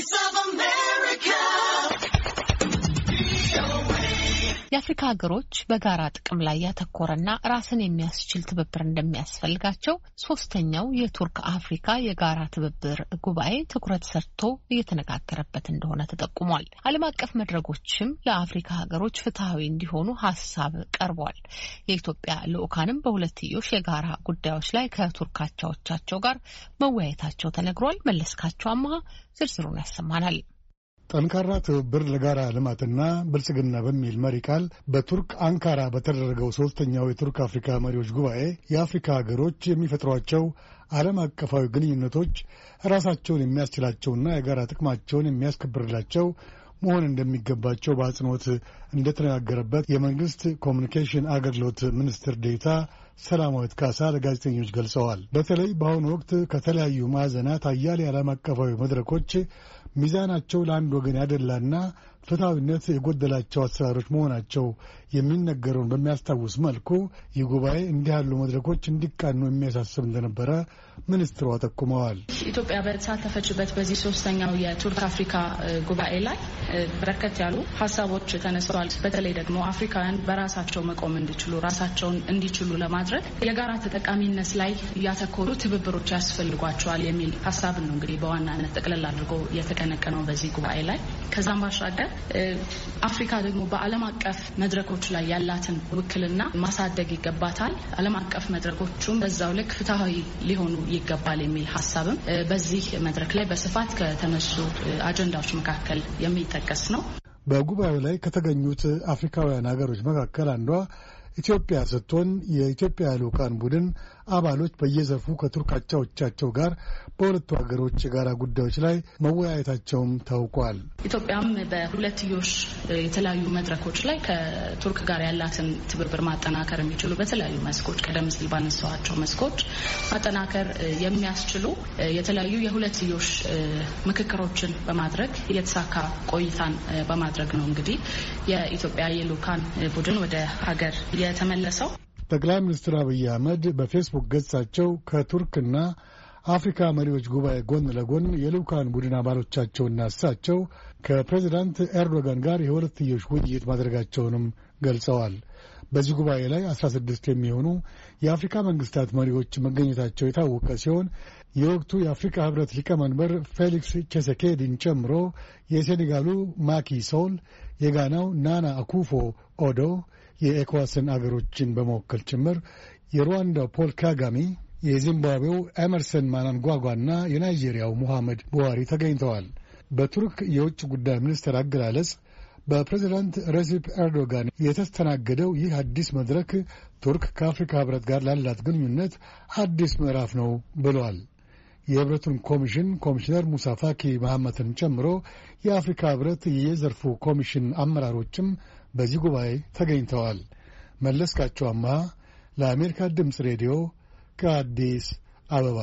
voice of የአፍሪካ ሀገሮች በጋራ ጥቅም ላይ ያተኮረና ራስን የሚያስችል ትብብር እንደሚያስፈልጋቸው ሶስተኛው የቱርክ አፍሪካ የጋራ ትብብር ጉባኤ ትኩረት ሰጥቶ እየተነጋገረበት እንደሆነ ተጠቁሟል። ዓለም አቀፍ መድረኮችም ለአፍሪካ ሀገሮች ፍትሐዊ እንዲሆኑ ሀሳብ ቀርቧል። የኢትዮጵያ ልዑካንም በሁለትዮሽ የጋራ ጉዳዮች ላይ ከቱርክ አቻዎቻቸው ጋር መወያየታቸው ተነግሯል። መለስካቸው አማሃ ዝርዝሩን ያሰማናል። ጠንካራ ትብብር ለጋራ ልማትና ብልጽግና በሚል መሪ ቃል በቱርክ አንካራ በተደረገው ሦስተኛው የቱርክ አፍሪካ መሪዎች ጉባኤ የአፍሪካ ሀገሮች የሚፈጥሯቸው ዓለም አቀፋዊ ግንኙነቶች ራሳቸውን የሚያስችላቸውና የጋራ ጥቅማቸውን የሚያስከብርላቸው መሆን እንደሚገባቸው በአጽንኦት እንደተነጋገረበት የመንግስት ኮሚኒኬሽን አገልግሎት ሚኒስትር ዴታ ሰላማዊት ካሳ ለጋዜጠኞች ገልጸዋል። በተለይ በአሁኑ ወቅት ከተለያዩ ማዕዘናት አያሌ ዓለም አቀፋዊ መድረኮች ሚዛናቸው ለአንድ ወገን ያደላና ፍትሐዊነት የጎደላቸው አሰራሮች መሆናቸው የሚነገረውን በሚያስታውስ መልኩ ይህ ጉባኤ እንዲህ ያሉ መድረኮች እንዲቃኑ የሚያሳስብ እንደነበረ ሚኒስትሯ ጠቁመዋል። ኢትዮጵያ በተሳተፈችበት በዚህ ሶስተኛው የቱርክ አፍሪካ ጉባኤ ላይ በርከት ያሉ ሀሳቦች ተነስተዋል። በተለይ ደግሞ አፍሪካውያን በራሳቸው መቆም እንዲችሉ ራሳቸውን እንዲችሉ ለማድረግ የጋራ ተጠቃሚነት ላይ እያተኮሩ ትብብሮች ያስፈልጓቸዋል የሚል ሀሳብ ነው እንግዲህ በዋናነት ጠቅለል አድርጎ የተቀነቀነው በዚህ ጉባኤ ላይ። ከዛም ባሻገር አፍሪካ ደግሞ በዓለም አቀፍ መድረኮች ላይ ያላትን ውክልና ማሳደግ ይገባታል። ዓለም አቀፍ መድረኮቹም በዛው ልክ ፍትሐዊ ሊሆኑ ይገባል የሚል ሀሳብም በዚህ መድረክ ላይ በስፋት ከተነሱ አጀንዳዎች መካከል የሚጠቀስ ነው። በጉባኤው ላይ ከተገኙት አፍሪካውያን ሀገሮች መካከል አንዷ ኢትዮጵያ ስትሆን የኢትዮጵያ ልዑካን ቡድን አባሎች በየዘርፉ ከቱርክ አቻዎቻቸው ጋር በሁለቱ ሀገሮች የጋራ ጉዳዮች ላይ መወያየታቸውም ታውቋል። ኢትዮጵያም በሁለትዮሽ የተለያዩ መድረኮች ላይ ከቱርክ ጋር ያላትን ትብብር ማጠናከር የሚችሉ በተለያዩ መስኮች ቀደም ሲል ባነሳኋቸው መስኮች ማጠናከር የሚያስችሉ የተለያዩ የሁለትዮሽ ምክክሮችን በማድረግ የተሳካ ቆይታን በማድረግ ነው እንግዲህ የኢትዮጵያ የልዑካን ቡድን ወደ ሀገር የተመለሰው። ጠቅላይ ሚኒስትር አብይ አህመድ በፌስቡክ ገጻቸው ከቱርክና አፍሪካ መሪዎች ጉባኤ ጎን ለጎን የልዑካን ቡድን አባሎቻቸውና እሳቸው ከፕሬዚዳንት ኤርዶጋን ጋር የሁለትዮሽ ውይይት ማድረጋቸውንም ገልጸዋል። በዚህ ጉባኤ ላይ አስራ ስድስት የሚሆኑ የአፍሪካ መንግስታት መሪዎች መገኘታቸው የታወቀ ሲሆን የወቅቱ የአፍሪካ ህብረት ሊቀመንበር ፌሊክስ ቼሴኬዲን ጨምሮ የሴኔጋሉ ማኪ ሶል፣ የጋናው ናና አኩፎ ኦዶ የኤኳስን አገሮችን በመወከል ጭምር የሩዋንዳው ፖል ካጋሚ፣ የዚምባብዌው ኤመርሰን ማናንጓጓና የናይጄሪያው ሙሐመድ ቡሃሪ ተገኝተዋል። በቱርክ የውጭ ጉዳይ ሚኒስትር አገላለጽ በፕሬዚዳንት ረሲፕ ኤርዶጋን የተስተናገደው ይህ አዲስ መድረክ ቱርክ ከአፍሪካ ህብረት ጋር ላላት ግንኙነት አዲስ ምዕራፍ ነው ብለዋል። የህብረቱን ኮሚሽን ኮሚሽነር ሙሳ ፋኪ መሐመትን ጨምሮ የአፍሪካ ህብረት የዘርፉ ኮሚሽን አመራሮችም በዚህ ጉባኤ ተገኝተዋል። መለስካቸው አማሃ ለአሜሪካ ድምፅ ሬዲዮ ከአዲስ አበባ